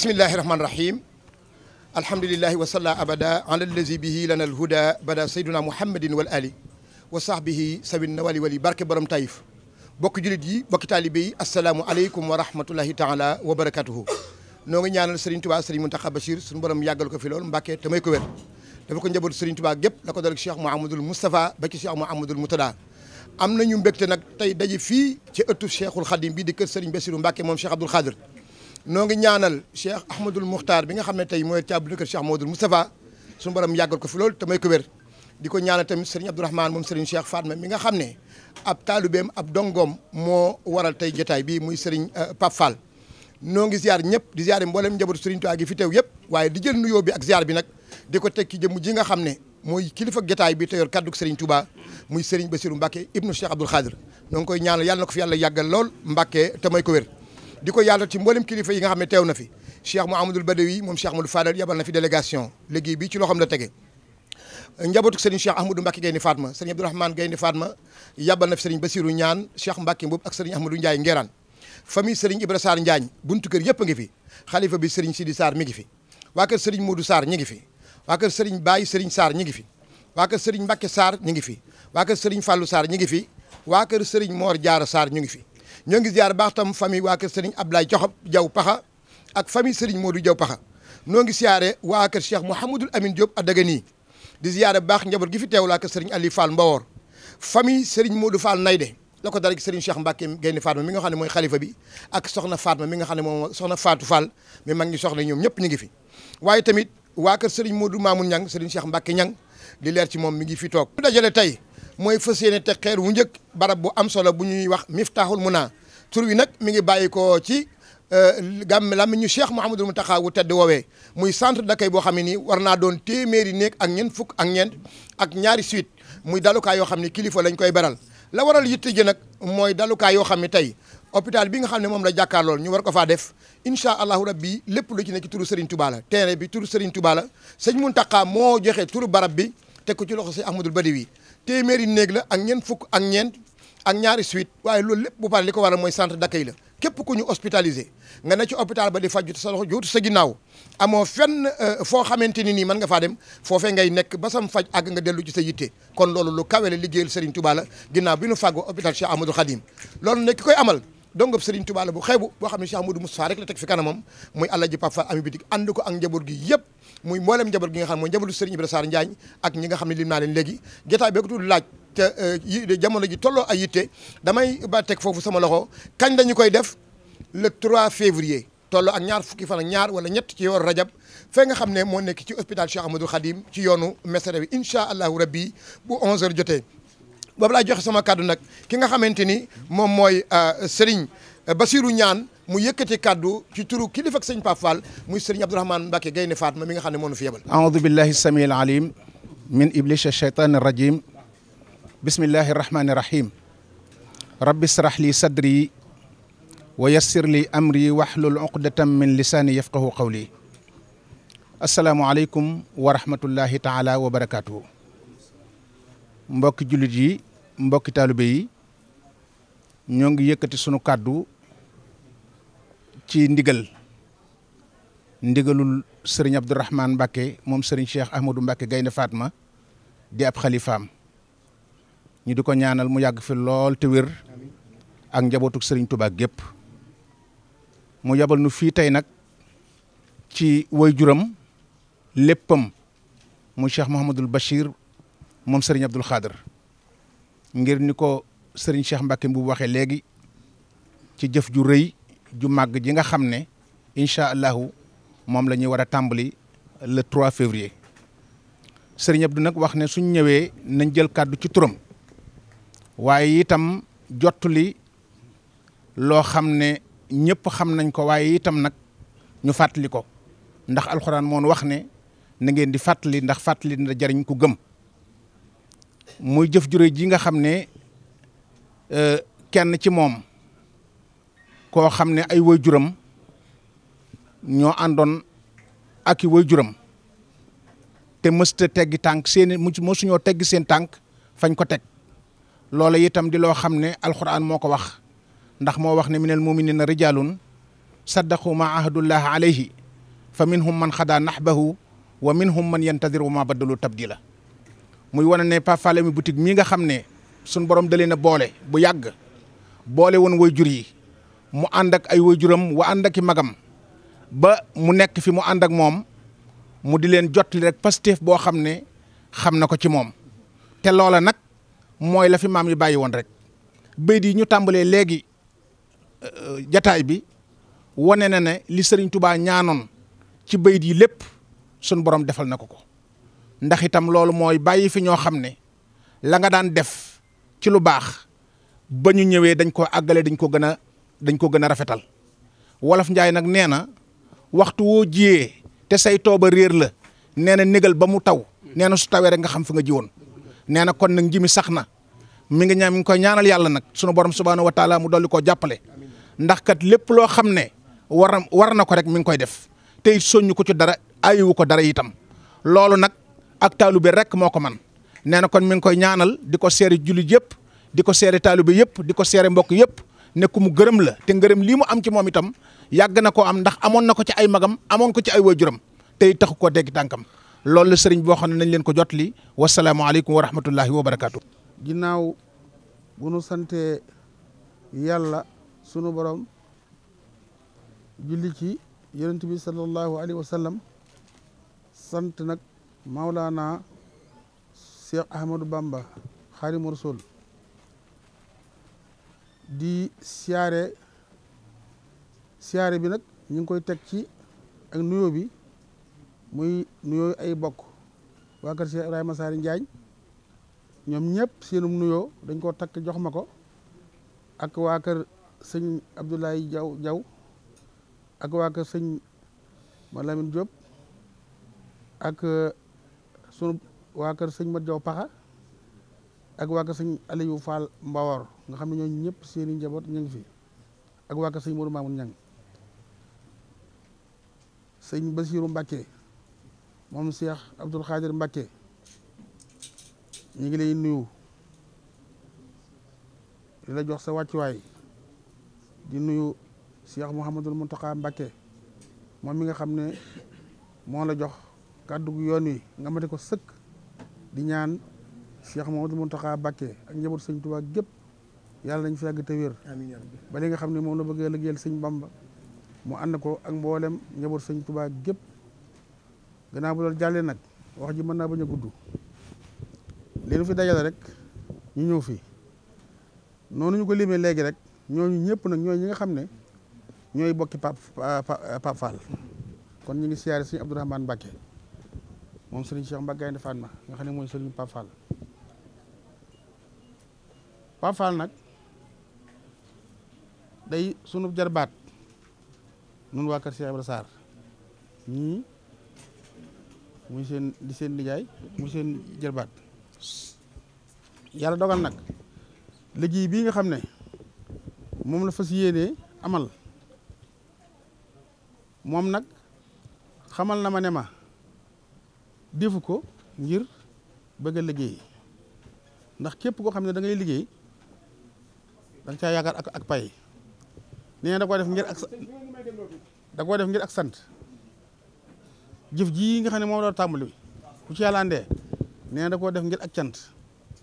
bismillahi rahmaani rahim alhamdulilahi wa salla abada ala allazi bihi lana alhuda bada sayduna muhammadin wal ali wa sahbihi sawin na wali wali barke borom tayif bokki julit yi bokki taalibe yi asalaamu aleykum wa rahmatullahi taala wa barakatuhu noo ngi ñaanal Serigne Touba Serigne Mountakha Bachir suñu borom yàggal ko fi lool Mbàkke te may ko wér dafa ko njabootu Serigne Touba gépp la ko dal Cheikh Mouhamadoul Moustapha ba ci Cheikh Mouhamadoul Moutada am nañu mbégte nag tey daje fii ci ëttu Cheikhul Khadim bi di kër Serigne Bassirou Mbàkke moom Cheikh Abdoul Khadir noo ngi ñaanal Cheikh Ahmadul Muxtaar bi nga xam ne tey mooy caabu dëkk Cheikh Modou Moustapha suñu borom yàggal ko fi loolu te may ko wér di ko ñaanal tamit sëriñ Abdourahmane moom sëriñ Cheikh Fatma mi nga xam ne ab taalubeem ab dongoom moo waral tey jotaay bii muy sëriñ euh, Pape Fall noo ngi ziar ñëpp di ziar mboolem njabootu sëriñ Tuubaa gi fi teew yëpp waaye di jël nuyoo bi ak ziar bi nag di ko teg jëmm ji nga xam ne mooy kilifa jotaay bi te yor kàddu sëriñ muy sëriñ Bassirou Mbacke ibnu Cheikh Abdoul Khadir noo koy ñaanal yàlla na ko fi yàlla yàggal lool Mbacke te may ko wér di ko yàlla ci mboolem kilifa yi nga xam ne teew na fi Cheikh Mouhamadoul Badawi moom Cheikh Amadou Fadal yabal na fi délégation liggéey bi ci loxoom la tege njabootu sëriñ Cheikh Ahmadou Mbacke Gaynde Fatma sëriñ Abdourahmane Gaynde Fatma yabal na fi sëriñ Basirou Ñaan Cheikh Mbacke Mboob ak sëriñ Ahmadou Ndiaye Ngeeraan famille sëriñ Ibra Sarr Njaañ buntu kër yëpp a ngi fi xalifa bi sëriñ Sidi saar mi ngi fi waa kër sëriñ Modou Sarr ñi ngi fi waa kër sëriñ Baye sëriñ Sarr ngi fi waa kër Mbacke Sarr ñi ngi fi waa kër sëriñ Fallou Sarr ngi fi waa kër sëriñ Mor Diarra Sarr ñu ngi fi ñoo ngi ziar baax tam famille waa kër Serigne Abdoulaye Diakhab Diaw Paxa ak famille moo du Diaw Paxa noo ngi ziare waa kër Cheikh Mouhamadul Amine Diop Adagani di ziare baax njaboot gi fi teew la kër Serigne Ali Fall Mbawor famille Serigne Modou Fall Nayde la ko dara ci Serigne Cheikh Mbacke Gaynde Fatma mi nga xam mooy xalifa bi ak soxna Fatma nga xam ne moom soxna Fatou Fall mi mag ñi soxna ñoom ñëpp ñu ngi fi waaye tamit waa kër Serigne Modou Mamoun Niang Serigne Cheikh mbakke ñan di leer ci moom mi ngi fi toog dajale tey mooy fas yéene teg xeer wu njëkk barab bu am solo bu ñuy wax miftaaxul naa tur wi nag mi ngi bàyyi ko ci euh, gàmm làmmiñu Cheikh mu Mountakha wu tedd woowee muy centre d'accueil boo xam ne nii war naa doon téeméeri néeg ak ñeent fukk ak ñeent ak ñaari suite muy dalukaay yoo xam ne kilifa lañ koy beral la waral yitte ji nag mooy dalukaay yoo xam ne tey hôpital bi nga xam ne moom la jàkkaarlool ñu war ko faa def incha allahu rabbi lépp lu ci ne ci turu Serigne Touba la terrain bi turu Serigne Touba la mu Mountakha moo joxe turu barab bi teg ko ci loxo si Ahmadul Badawi téeméeri néeg la ak ñeent fukk ak ñeent ak ñaari suite waaye loolu lépp bu pare li ko war a mooy centre d'accueil la képp ku ñu hospitalisé nga ne ci hôpital ba di faju sa loxo juutu sa ginnaaw amoo fenn euh, foo xamante ni nii mën nga faa dem foofe ngay nekk ba sam faj àgg nga dellu ci sa yitte kon loolu lu kawe la liggéeyal Serigne Touba la ginnaaw bi ñu fàggoo hôpital Cheikh Ahmadou Khadim loolu ne ki koy amal dongob Serigne Touba la bu xeebu boo xam ne Cheikh Modou Moustapha rek la teg fi kanamam muy Alaaji Pape Fall ami bitik ànd ko ak njaboot gi yëpp muy mboolem njaboot gi nga xam mooy njabootu ak ñi xam ne lim naa leen léegi jotaay bi ko tudd laaj te eh, jamono ji tolloo ay yitte damay ba teg foofu sama loxo kañ dañu koy def le 3 février tolloo ak ñaar fukki fana ak ñaar wala ñett ci yoor rajab fee nga xam ne moo nekk ci hôpital Cheikh Ahmadou Khadim ci yoonu mesere bi incha allahu rabbi bu 11h jotee boobu laay joxe sama kàddu nag ki nga xamante ni moom mooy euh, Serigne euh, basiru Ñaan mu yëkkati kàddu ci turu kilifa ak sëñ Pape Fall muy Serigne Abdourahmane Mbacke Gaynde ma mi nga xam ne moo fi yebal aoudu billahi samii al alim min iblis ashaytan arrajim bismillahi li sadri wa yassir li amri wahlul uqdatan min lisaani yafqahu qawli asalaamualeykum mbokki taalibe yi ñoo ngi yëkkati sunu kàddu ci ndigal ndigalul sëriñ Abdourahmane Mbacke moom sëriñ Cheikh Ahmadou Mbacke Gaynde Fatma di ab xalifaam ñu di ko ñaanal mu yàgg fi lool te wér ak njabootuk sëriñ tubaak gépp mu yabal nu fii tey nag ci waajuram léppam mu Cheikh Mouhamadul Bachir moom sëriñ Abdoul Khader ngir ni ko sëriñ Cheikh Mbacke bu waxee léegi ci jëf ju rëy ju màgg ji nga xam ne incha allahu moom lañuy ñuy war a tàmbali le 3 février sëriñ Abdou nag wax ne suñ ñëwee nañ jël kàddu ci turam waaye itam jottali loo xam ne ñëpp xam nañ ko waaye itam nag ñu fàttali ko ndax alxuraan moon wax ne na ngeen di fàttali ndax fàttali na jariñ ku gëm. muy jëf jure ji nga xam ne euh, kenn ci moom koo xam ne ay juram ñoo àndoon ak i juram te mësta teggi tànk seen mësuñoo teggi seen tànk fañ ko teg loola itam di loo xam ne alxuraan moo ko wax ndax moo wax ne minal muminina rijalun saddaqu ma ahadullah alayhi fa minhum man xadaa naxbahu wa minhum man yantadiru ma baddalu tabdila muy wane ne Pape Fallé mi boutique mii nga xam ne suñ borom da leen a boole bu yàgg boole woon wayjur yi mu ànd ak ay wayjuram wa ànd ak i magam ba mu nekk fi mu ànd ak moom mu di leen jottali rek Pastef boo xam ne xam na ko ci moom te loola nag mooy la fi maam yi bàyyi woon rek béy di ñu tàmbalee léegi euh, jataay bi wane na ne li Serigne Touba ñaanoon ci béy yi lépp sunu borom defal na ko ko. ndax itam loolu mooy bàyyi fi ñoo xam ne la nga daan def ci lu baax ba ñu ñëwee dañ ko àggale dañ ko gën a dañ ko gën a rafetal wolof njaay nag nee na waxtu woo jiyee te say ba réer la nee na négal ba mu taw nee na su tawee rek nga xam fa nga ji woon nee na kon nag nji mi sax na mi ngi ñaan mi ngi koy ñaanal yàlla nag sunu borom subhaanahu wa taala mu dolli koo jàppale ndax kat lépp loo xam ne war war na ko rek mi ngi koy def te it soññu ko ci dara ayiwu ko dara itam loolu ak taalube rek moo ko man nee na kon mi ngi koy ñaanal di ko seere jullit yépp di ko seere taalube yëpp di ko seere mbokk yëpp ne ku mu gërëm la te ngërëm lii mu am ci moom itam yàgg na koo am ndax amoon na ko ci ay magam amoon ko ci ay waajuram tey taxu koo dégg tànkam loolu la sëriñ boo xam ne nañ leen ko jot li wasalaamaaleykum wa rahmatullahi wa barakaatu. ginnaaw bu nu sante yàlla sunu borom julli ci yonent bi sallallahu alayhi wa sallam sant nag. Mawlana Cheikh Ahmadou Bamba Xaadimu Rasuul di siyaare siyaare bi nag ñu ngi koy teg ci ak nuyoo bi muy nuyoo ay bokk waa kër Cheikh Ibrahima Saari Njaañ ñoom ñëpp seenum nuyoo dañ koo takk jox ma ko ak waa kër sëñ Abdoulaye Jaw Jaw ak waa kër sëñ Malamin Jóob ak sunu waa kër sëñ Mat Jaw Paxa ak waa kër sëñ Aliou Fall Mbawor nga xam ne ñooñu ñëpp seeni njaboot ñu ngi fi ak waa kër sëñ Modou Mamoun Ñang sëñ Basiiru Mbàkke moom Cheikh Abdoul Khadir Mbàkke ñu ngi lay nuyu di la jox sa wàccuwaay di nuyu Cheikh Mouhamadul Mountakha Mbàkke moom mi nga xam ne moo la jox kàddu gu yoon wi nga mate ko sëkk di ñaan Cheikh Mamadou Mountakha Mbacké ak njabootu sëñ Tuubaa gépp yàlla nañ fi yàgg te wér ba li nga xam ne moom la bëgg a liggéeyal sëñ Bamba mu ànd ko ak mboolem njabootu sëñ Tuubaa gépp gannaaw bu jàllee nag wax ji mën naa bañ a gudd li nu fi dajale rek ñu ñëw fii noonu ñu ko limee léegi rek ñooñu ñëpp nag ñooy ñi nga xam ne ñooy bokki Pape Pape kon ñu ngi siyaare sëñ Abdourahmane Mbacké moom sëriñ Cheikh Mbacké Gaïndé Fatma nga xam ne mooy sëriñ Pape Fall nag day sunub jarbaat nun waa kër Cheikh Ibra Sarr ñii muy seen di seen nijaay muy seen jarbaat yàlla dogal nag liggéey bii nga xam ne moom la fas yéenee amal moom nag xamal na ma ne ma defu ko ngir bëgg a liggéey ndax képp koo xam ne dangay liggéey da nga caa yaakaar ak ak pay nee da ko def ngir ak da ko def ngir ak sant jëf ji nga xam ne moom la tàmbali ku ci yàlla andee nee da def ngir ak sant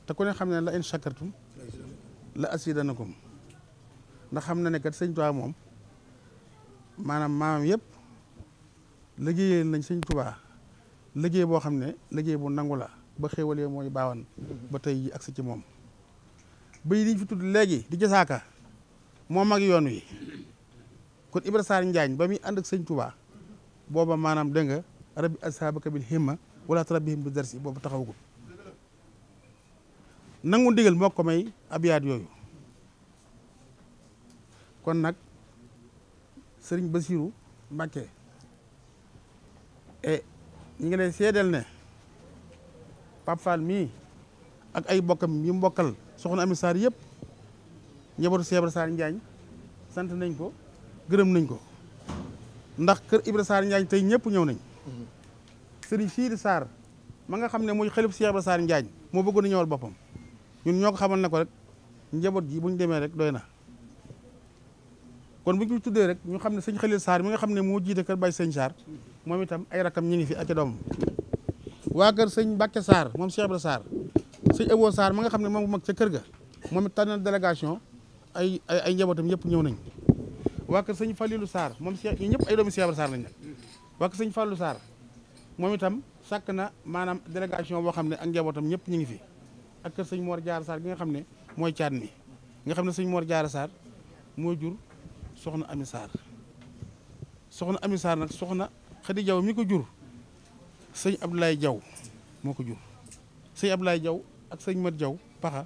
te ku xam ne la in shakartum la asidanakum ndax xam na ne kat sëñ Tuubaa moom maanaam maamam yëpp liggéeyal nañ sëñ Tuubaa liggéey boo xam ne liggéey bu nangu la ba xéwalee mooy baawan ba tey ji ak agsi ci moom bay liñ fi tudd léegi di jasaaka moo mag yoon wi kon Ibra Sarr Njaañ ba muy ànd ak sëñ Touba booba maanaam dégg nga rabbi ashaabaka bil himma wala tarabbihim bi darsi boobu taxawagul nangu ndigal moo ko may abiyaat yooyu kon nag sëriñ ba Mbàkke e ñu ngi lay seedeel ne Pape mii ak ay bokkam yi mbokkal soxna Ami Sarr yëpp njabootu Cheikh saar Njaañ sant nañ ko gërëm nañ ko ndax kër Ibra Sarr Njaañ tey ñëpp ñëw nañ sëriñ Siidi saar ma nga xam ne mooy xelif Cheikh saar Sarr Njaañ moo bëggoon a ñëwal boppam ñun ñoo ko xamal ne ko rek njaboot ji bu ñu demee rek doy na kon bu ñu tuddee rek ñu xam ne sëñ Xalil saar mi nga xam ne moo jiite kër Baye sëñ Sarr moom itam ay rakam ñu ngi fi ak doom waa kër sëñ Mbacke Sarr moom Cheikh Ibra Sarr sëñ Ebo Sarr ma nga xam ne moom bu mag ca kër ga moom it tànn délégation ay ay njabootam yëpp ñëw nañ waa kër sëñ Falilou Sarr moom Cheikh ñëpp ay doomi Cheikh Ibra Sarr lañ nag waa kër moom itam sàkk na maanaam délégation boo xam ne ak njabootam ñëpp ñu ngi fi ak kër sëñ Mor Diarra Sarr gi nga xam ne mooy caan mi nga xam ne sëñ Mor Diarra saar mooy jur soxna Ami Sarr soxna Ami Sarr nag soxna Xadi Jaw mi ko jur sëñ Abdoulaye Jaw moo ko jur Jaw ak sëñ Mat Jaw paxa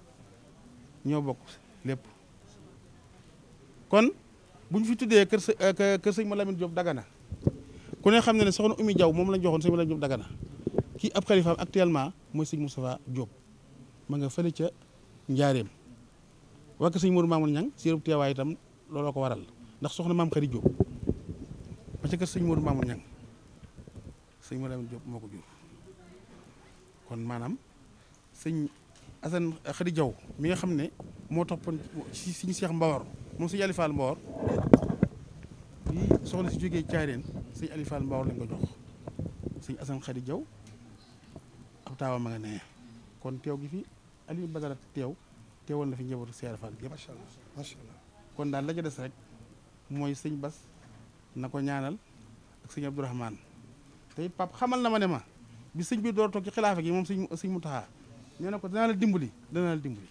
ñoo bokk lépp kon bu ñu fi tuddee kër sa kër sëñ ma Lamine Diop Dagana ku ne xam ne ne soxna umi jaw moom la joxoon sëñ ma Lamine Diop Dagana kii ab xalifaam actuellement mooy sëñ Moustapha Diop ma nga fële ca Njaareem waa kër sëñ Mourou Mamoun Niang si yërëb teewaay itam looloo ko waral ndax soxna maam xarit Diop ba ca kër sëñ Modou Mamour Niang sëñ Modou Mamour Diop moo ko jur kon maanaam sëñ Assane xarit Diaw mi nga xam ne moo tax ci sëñ Cheikh Mbawar moom sëñ Aliou Fall Mbawar soxna si jógee Thiarène sëñ Aliou Fall Mbawar lañ ko jox sëñ Assane xarit Diaw ab taawam ma nga nee kon teew gi fi Aliou Badara teew teewoon na fi njabootu Cheikh Fall yëpp macha allah macha allah kon daal la ca des rek. mooy sëñ Bas na ko ñaanal ak sëñ Abdourahmane te it pap xamal na ma ne ma bi sëñ bi door toog ci xilaafa gi moom sëñ sëñ Mountakha nee ko danaa la dimbali danaa la dimbali.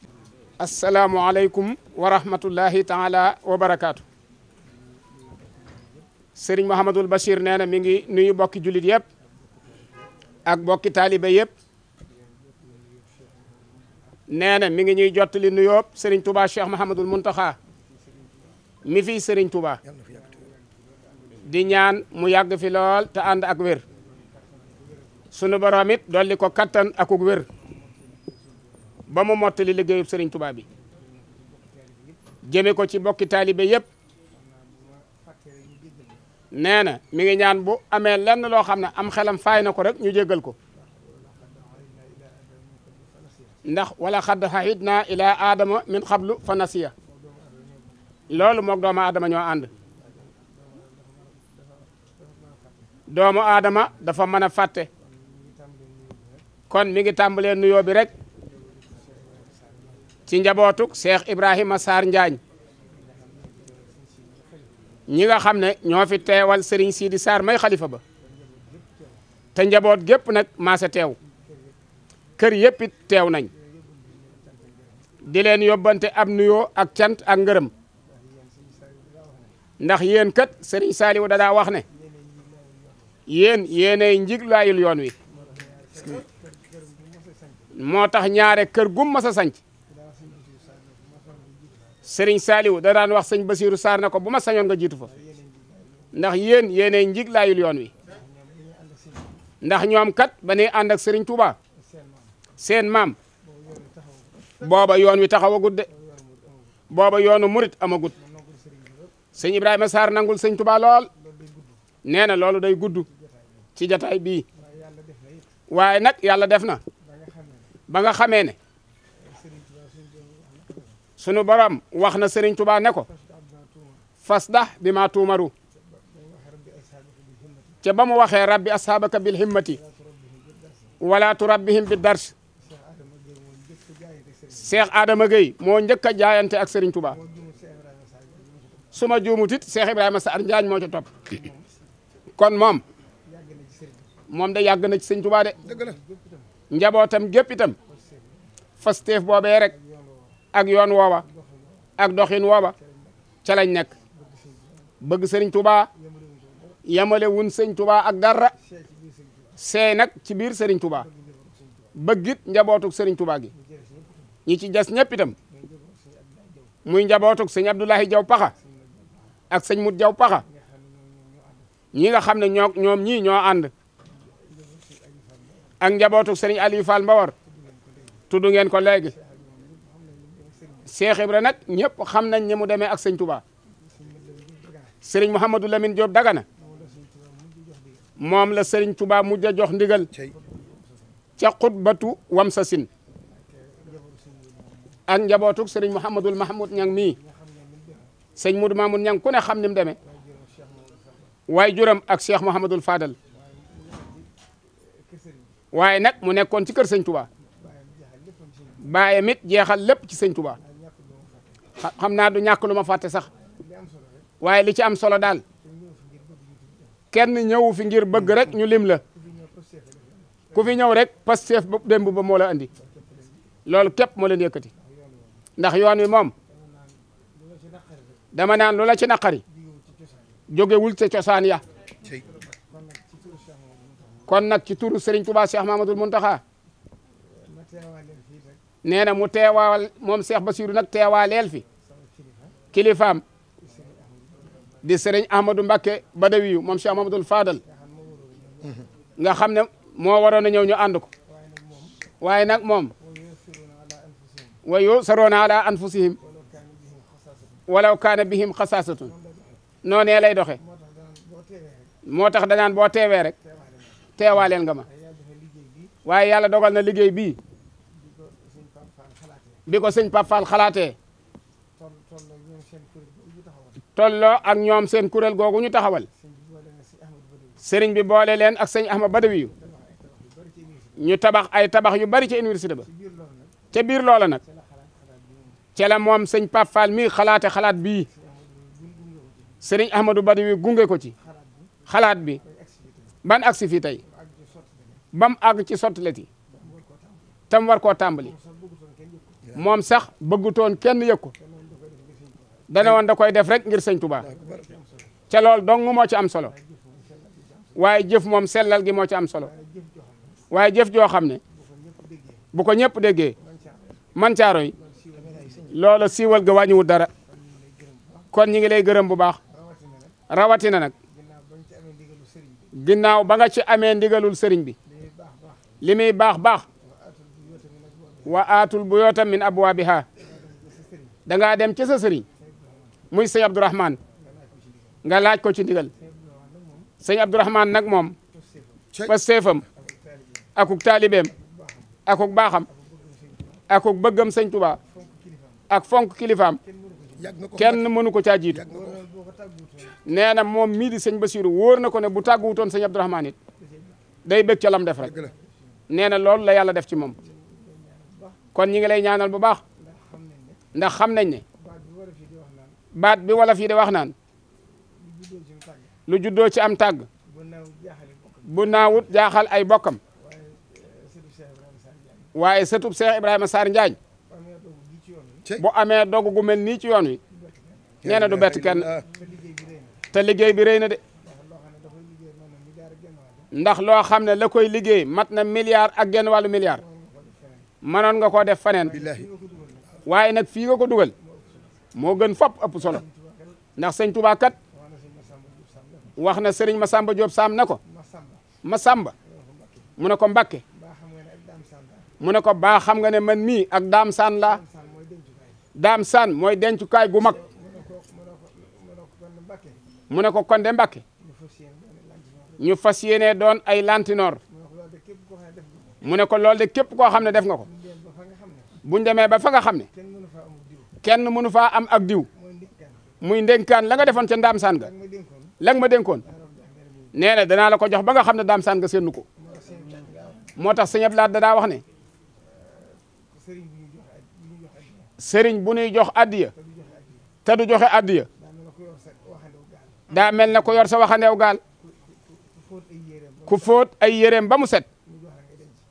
asalaamualeykum wa rahmatullahi taala wa barakaatu. sëriñ Mouhamadul Bachir nee mi ngi nuyu bokki julit yëpp ak bokki taalibe yëpp. nee na mi ngi ñuy jottali nuyoo sëriñ Touba Cheikh Mouhamadul Mountakha. mi fii sëriñ Touba di ñaan mu yàgg fi lool te ànd ak wér sunu borom it dolli ko kattan akuk wér ba mu mottali liggéeyub sëriñ Touba bi jëme ko ci bokki taalibe yëpp nee na mi ngi ñaan bu amee lenn loo xam ne am xelam faay na ko rek ñu jéggal ko ndax walla xadd xahid na ila aadama min xablu fa nasiya loolu moog doomu aadama ñoo ànd doomu aadama dafa mën a fàtte kon mi ngi tàmbalee nuyoo bi rek ci njabootuk Cheikh Ibrahima Sarr Njaañ ñi nga xam ne ñoo fi teewal Serigne Sidi Sarr may xalifa ba te njaboot gépp nag maase teew kër yëpp teew nañ di leen yóbbante ab nuyoo ak cant ak ngërëm ndax yéen kat Serigne Saliou da wax ne yéen yéenay njiglaayul yoon wi moo tax ñaare kër gum masa sañc sanc Serigne Saliou da wax sëñ Basiirou saar na ko bu ma sañoon nga jiitu fa ndax yéen njig njiglaayul yoon wi ndax ñoom kat ba ne ànd ak Serigne Touba seen maam booba yoon wi taxawagut de booba yoonu murit amagut. sëñ Ibrahima Sarr nangul sëñ Touba lool nee na loolu day gudd ci jataay bii waaye nag yàlla def na ba nga xamee ne sunu baram wax na sëriñ Touba ne ko fasdah bi ma tuumaru ca ba mu waxee rabbi ashaabaka bil himmati wala turabbihim bi dars Cheikh Adama Gueye moo njëkk a jaayante ak sëriñ Touba. su ma juumut it Cheikh Ibrahima Saar Njaañ moo ca topp kon moom moom de yàgg na ci sëñ de njabootam gépp itam fasteef boobee rek ak yoon wooba ak doxin wooba ca lañ nekk bëgg sëriñ tuba yamale wun sëñ Tuubaa ak dara seey nag ci biir sëriñ tuba bëggit njabootuk sëriñ Tuubaa gi ñi jas des muy njabootuk sëñ Abdoulahi Jaw Paxa ak sëñ Mut Jaw Paxa ñi nga xam ne ñoom ñii ñoo ànd ak njabootu sëriñ Aliou Fall Mbawar tudd ngeen ko léegi Cheikh Ibra nag ñëpp xam nañ ne mu demee ak sëñ Touba sëriñ Mouhamadou Lamine Diop Dagana moom la sëriñ Touba mujj a jox ndigal ca xutbatu wam sa sin ak njabootuk sëriñ Mouhamadul Mahmoud ñang mii sëñ Modou Mamoun Niang ku ne xam ni mu demee waaye juram ak Cheikh Mouhamadul Fadal waaye nag mu nekkoon ci kër sëñ Touba bàyyam jeexal lépp ci sëñ xam naa du ñàkk lu ma fàtte sax waaye li ci am solo daal kenn ñëwu fi ngir bëgg rek ñu lim la ku fi ñëw rek Pastef ba démb ba moo la andi loolu képp moo leen yëkkati ndax yoon wi moom. dama naan loola ci naqari jógewul te cosaan ya kon nag ci turu Serigne Touba Cheikh Mamadou Mountakha mu teewaal moom Cheikh Bassirou nag teewaaleel fi kilifaam di Serigne Ahmadou Mbacké Badawiyu moom Cheikh Mamadou Fadal nga xam ne moo waroon a ñëw ñu ànd waaye nag moom wa yusaroona ala anfusihim walaw kaana bihim xasaasatun noonee lay doxe moo tax danaan boo teewee rek teewaaleel nga ma waaye yàlla dogal na liggéey bii bi ko sëñ Pape Fall xalaatee tolloo ak ñoom seen kuréel googu ñu taxawal sëriñ bi boole leen ak sëñ Ahmad Badawi yu ñu tabax ay tabax yu bari ca université ba ca biir loola nag ca la moom sëñ Pape Fall mii xalaate xalaat bii sëriñ Ahmadou Badawi gunge ko ci xalaat bi ban agsi fii tey bam àgg ci sottileti tam war koo tàmbali moom sax bëggutoon kenn yëg ko dana woon da koy def rek ngir sëñ Touba ca lool dong moo ci am solo waaye jëf moom sellal gi moo ci am solo waaye jëf joo xam ne bu ko ñëpp déggee man caaroy loola siiwal ga wàññiwul dara kon ñi ngi lay gërëm bu baax rawatina nag ginnaaw ba nga ci amee ndigalul sëriñ bi li baax baax wa aatul bu yoota min abwaabiha da ngaa dem ci sëriñ muy sëñ Abdourahman nga laaj ko ci ndigal sëñ Abdourahman nag moom pas seefam akuk taalibeem akuk baaxam akuk bëggam sëñ Tuubaa ak fonk kilifaam kenn mënu ko caa jiitu na moom mii di sëñ Basiru wóor na ko ne bu tàgguwutoon sëñ Abdourahmane it day bëgg ca def rek nee na loolu la yàlla def ci moom kon ñi ngi lay ñaanal bu baax ndax xam nañ ne baat bi wala fii de wax naan lu juddoo ci am tàgg bu naawut jaaxal ay bokkam waaye sëtub Seex Ibrahima Sarr Njaañ bu amee dogu gu mel nii ci yoon wi nee du bett kenn te liggéey bi rëy na de ndax loo xam ne la koy liggéey mat na milliard ak genn wàllu milliard mënoon nga koo def faneen waaye nag fii nga ko dugal moo gën fopp ëpp solo ndax sëñ Tuubaa kat wax na sëriñ Masamba Diop Sam na ko Masamba mu ne ko Mbakke mu ne ko baa xam nga ne man mii ak daam saan daam saan mooy dencukaay gu mag mu ne ko kon de Mbàkke ñu fas yéene doon ay lantinoor mu ne ko loolu de képp koo xam ne def nga ko buñ demee ba fa nga xam ne kenn mënu faa am ak diw muy ndénkaan la nga defoon ca ndaam saan ga la nga ma dénkoon nee na danaa la ko jox ba nga xam ne daam saan ga seenu ko moo tax sëñ Abdou dadaa wax ne sëriñ bu nuy jox addiya te du joxe addiya daa mel ne ku yor sa waxandeew gaal ku fóot ay yéreem ba mu set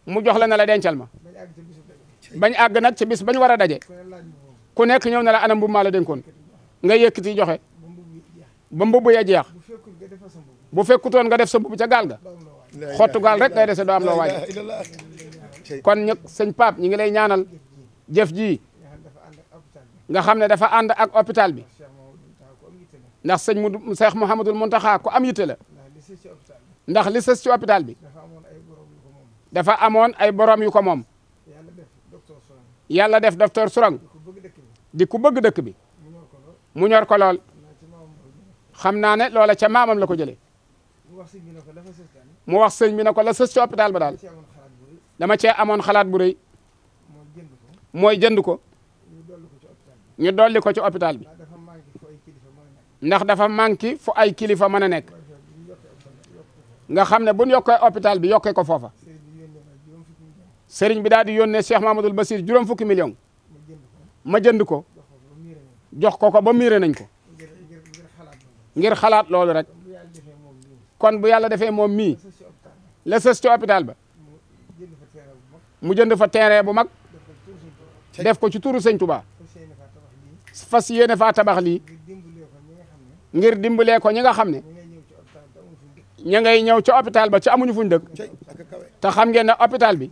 mu jox la na la dencal ma bañ àgg nag ci bis bañ war a daje ku nekk ñëw na ana anam mala maa la dénkoon nga yëkkati joxe ba mbubb ya jeex bu fekkutoon nga def sa mbubb ca gaal ga xottu gaal rek ngay dese doo am loo waaj kon ñëpp sëñ ñi ngi lay ñaanal jëf ji nga xam ne dafa ànd ak hôpital bi ndax sëñ mu Cheikh Mouhamadul Mountakha ku am yitte la ndax li sës ci hôpital bi dafa amoon ay boroom yu ko moom yàlla def docteur Sourang di ku bëgg dëkk bi mu ñor ko lool xam naa ne loola ca maamam la ko jëlee mu wax sëñ bi na ko la sës ci hôpital ba daal dama cee amoon xalaat bu rëy mooy jënd ko. ñu dolli ko ci hôpital bi ndax dafa manqué fu ay kilifa mën a nekk nga xam ne bu ñu yokkee hôpital bi yokkee ko foofa sëriñ bi daal di yónnee Cheikh Mamadou Bassir juróom fukki million ma jënd ko jox ko ko ba miire nañ ko ngir xalaat loolu rek kon bu yàlla defee moom mii la sës ci hôpital ba mu jënd fa terrain bu mag def ko ci turu sëñ Touba. fas yéene fa tabax lii ngir dimbalee ko ñi nga xam ne ña ngay ñëw ca hôpital ba ca amuñu fuñ dëkk te xam ngeen ne hôpital bi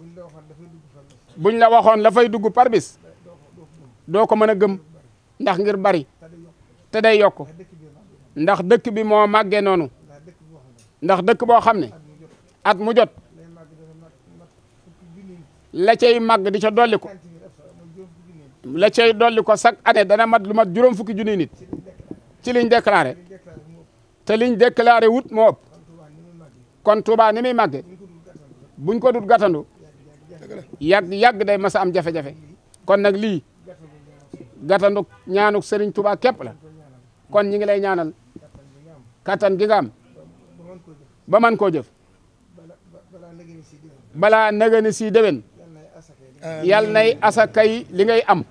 buñ la waxoon la fay dugg par bis doo ko mën a gëm ndax ngir bari te day yokk ndax dëkk bi moo màggee noonu ndax dëkk boo xam ne at mu jot la cay màgg di ca dolli ko la cay dolli ko chaque année dana mat lu mat juróom fukki junniy nit ci liñ déclaré te liñ déclaré wut moo ëpp kon Touba ni buñ ko dut gàttandu yàgg yàgg day mas am jafe-jafe kon nag lii gàttandu ñaanuk Serigne Touba képp la kon ñi ngi lay ñaanal kattan gi nga ba man koo jëf balaa nagani sii déwén Euh, yàlla nay asakay li ngay am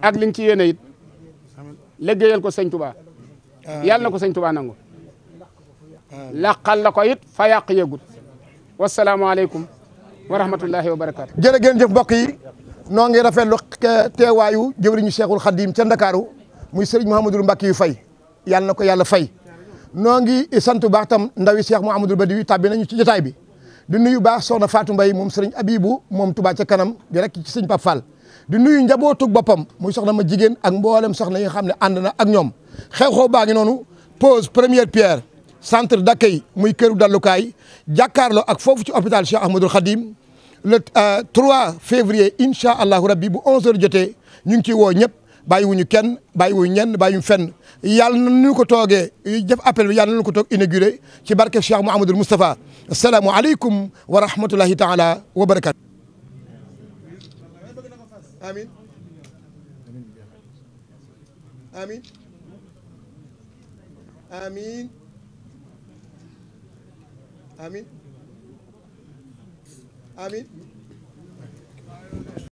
ak li nga ci yéene it liggéeyal ko sëñ Tuba yàlla na ko sëñ Tuba nangu làqal la ko it fa yàq yëgut wasalaamaaleykum wa rahmatullahi wa barakaatu. jërëjëf mbokk yi noo ngi rafetlu teewaayu jëwriñu Cheikhul Khadim ca Ndakaaru muy sëriñ Mouhamadul Mbacke yu fay yàlla na ko yàlla fay noo ngi sant baax tam ndawi Cheikh Mouhamadul Badi wi tàbbi nañu ci jotaay bi. di nuyu baax soxna Fatou Mbaye moom sëriñ Abibou moom Touba ca kanam di ci sëñ Pape Fall nuyu njabootug boppam muy soxna ma jigéen ak mboolem soxna yi nga xam ne ànd na ak ñoom xew ko baa ngi noonu pose première pierre centre d'accueil muy këru dallukaay jàkkaarloo ak foofu ci hôpital Cheikh Ahmadoul Khadim le 3 euh, février incha allahu rabbi bu 11h jotee ñu ngi ciy woo ñëpp bàyyiwuñu kenn bàyyiwuñu ñenn bàyyiwuñu fenn yàlla na ñu ko toogee jëf appel bi yàlla na ñu ko toog inauguré ci barke Cheikh Mouhamadul Moustapha asalaamualeykum wa rahmatulahi taala wa barakatu amin amin amin amin amin